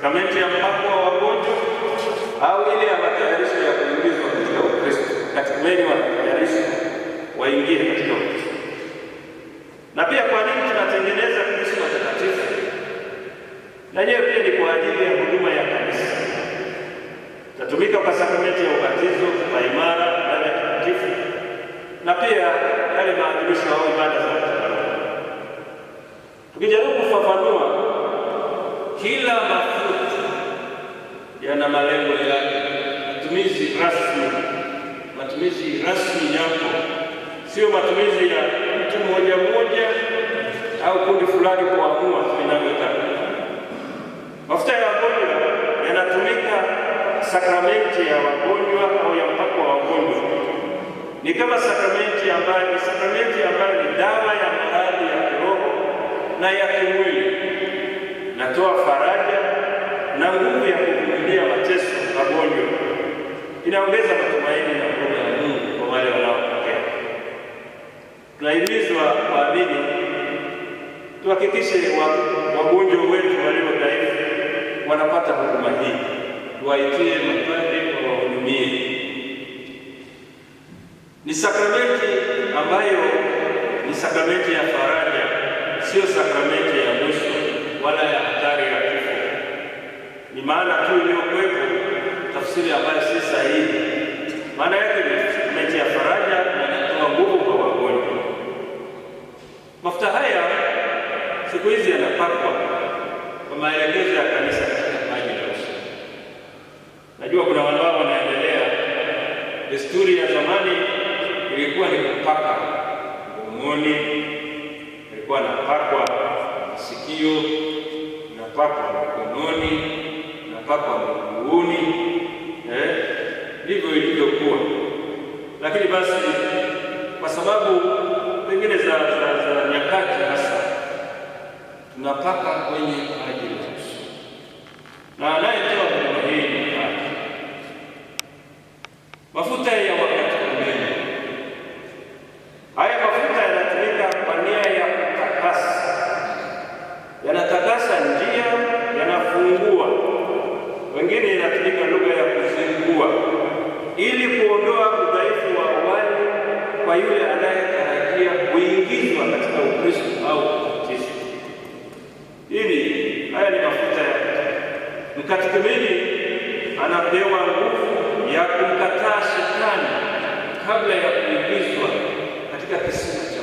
sakramenti ya mpako wa wagonjwa au ile ya matayarisho ya kuingizwa katika Ukristo, katika wengi wanatayarisha waingie katika Ukristo. Na pia kwa nini tunatengeneza Kristo takatifu? Na yeye pia ni kwa ajili ya huduma ya kanisa, tatumika kwa sakramenti ya ubatizo, kwa imara, ya takatifu na pia yale maadhimisho au ibada za Tukijaribu kufafanua kila yana malengo ya Matumizi rasmi, matumizi rasmi yako sio matumizi ya mtu mmoja mmoja au kundi fulani kuamua vinavyotaka. Mafuta ya wagonjwa yanatumika sakramenti ya wagonjwa au ya mpako wa wagonjwa, ni kama sakramenti ambayo ni sakramenti ambayo ni dawa ya maradhi ya kiroho na ya kimwili, natoa faraja na nguvu ya kuvumilia mateso, magonjwa inaongeza matumaini na huruma ya Mungu kwa wale wanaopokea. Tunahimizwa waamini tuhakikishe wagonjwa wetu walio dhaifu wanapata huduma hii, tuwaitie mapadre wawahudumie. Ni sakramenti ambayo ni sakramenti ya faraja, sio sakramenti ya mwisho wala ya hatari ni maana tu iliyokuwepo, tafsiri ambayo si sahihi. Maana yake ya faraja na inatoa nguvu kwa wagonjwa. Mafuta haya siku hizi yanapakwa kwa maelekezo ya kanisa katika maji ya Najua kuna wanawao wanaendelea. Desturi ya zamani ilikuwa ni kupaka mgongoni, ilikuwa napakwa sikio, napakwa mkononi mpaka mbinguni, eh? ndivyo ilivyokuwa. Lakini basi kwa sababu pengine za, za, za nyakati hasa tunapaka kwenye ajili ya Yesu na anayetoa huduma hii ni mafuta wengine inatumika lugha ya kuzingua, ili kuondoa udhaifu wa awali kwa yule anayetarajia kuingizwa katika Ukristo au utisho. Ili haya ni mafuta ya mkatekemeni, anapewa nguvu ya kumkataa shetani kabla ya kuingizwa katika kisima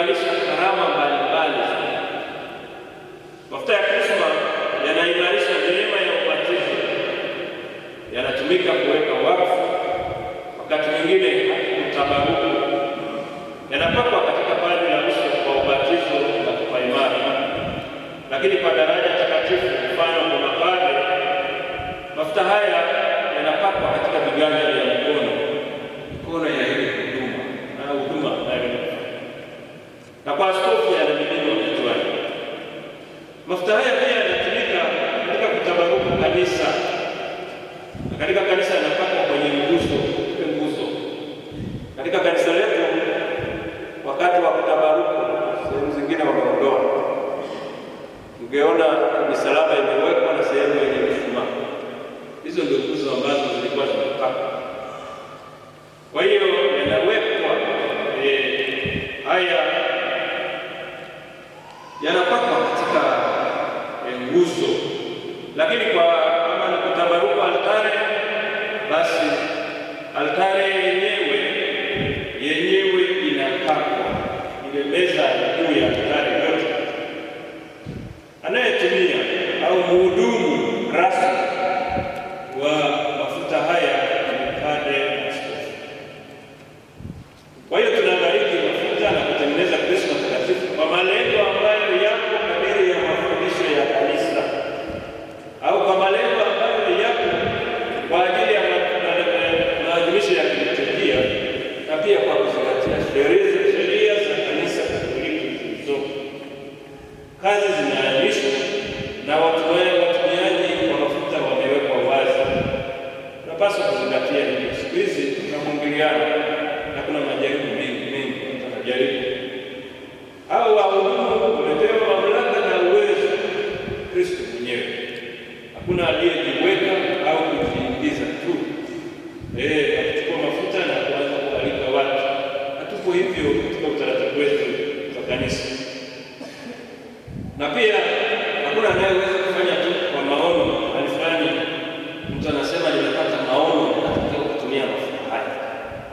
kuimarisha karama mbalimbali. Mafuta ya Krisma yanaimarisha neema ya ubatizo, yanatumika kuweka wakfu, wakati mwingine utabaruku yanapakwa katika paji la uso kwa ubatizo na kupaimara. Lakini kwa daraja takatifu, mfano kwa mapadre, mafuta haya yanapakwa katika viganja vya mkono wakati wa kutabaruku, sehemu zingine wakaondoa. Ungeona misalaba imewekwa na sehemu yenye mishumaa. Hizo ndio nguzo ambazo zilikuwa zimepaka. Kwa hiyo yanawekwa e, haya yanapakwa katika e, nguzo lakini kwa kama ni kutabaruku altare, basi altare Anayetimiza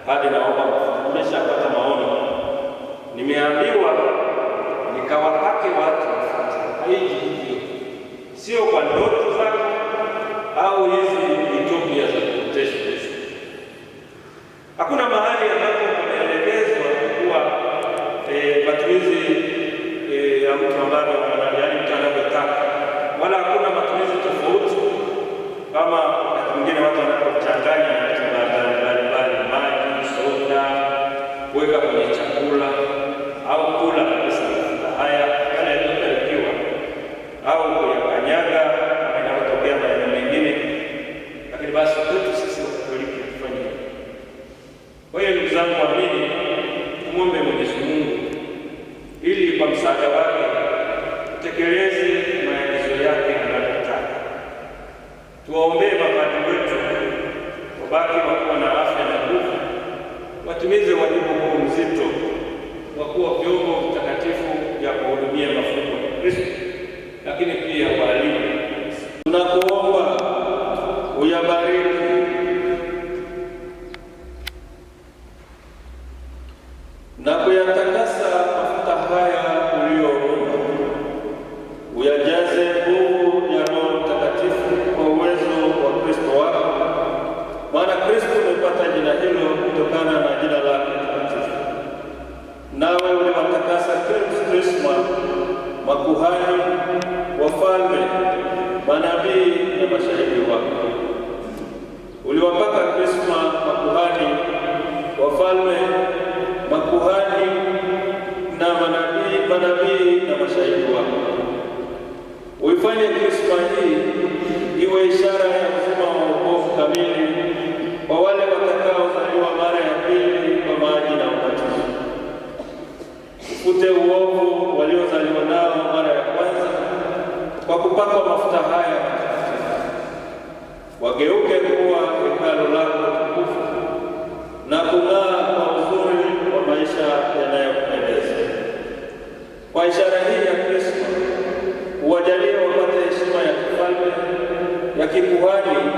Padre, naomba mmeshapata maono, nimeambiwa nikawatake watu aiji hivyo, sio kwa ndoto zako au hizi mitopia za kuotesha Hakuna mahali ambapo pameelekezwa kuwa eh, matumizi eh, ya mtu ambayo kuweka kwenye chakula au kula kabisa mafuta haya yale yaliyotarikiwa au kuyakanyaga kama inavyotokea maeneo mengine, lakini basi kwetu sisi Wakatoliki hatufanye Kwa hiyo ndugu zangu waamini, tumwombe Mwenyezi Mungu ili kwa msaada wake tutekeleze uyajaze nguvu ya Roho Mtakatifu kwa uwezo wa Kristo wako. maana Kristo, umepata jina hilo kutokana na jina lake takatifu, nawe uliwatakasa Krisma makuhani, wafalme, manabii na mashahidi. ishara ya uzima wa wokovu kamili kwa wale watakaozaliwa mara ya pili kwa maji na ubatizo. Ufute uovu waliozaliwa nao mara ya kwanza kwa kupakwa mafuta haya, wageuke kuwa hekalu lako tukufu na kung'aa kwa uzuri wa maisha yanayokupendeza. Kwa ishara hii contemporâneo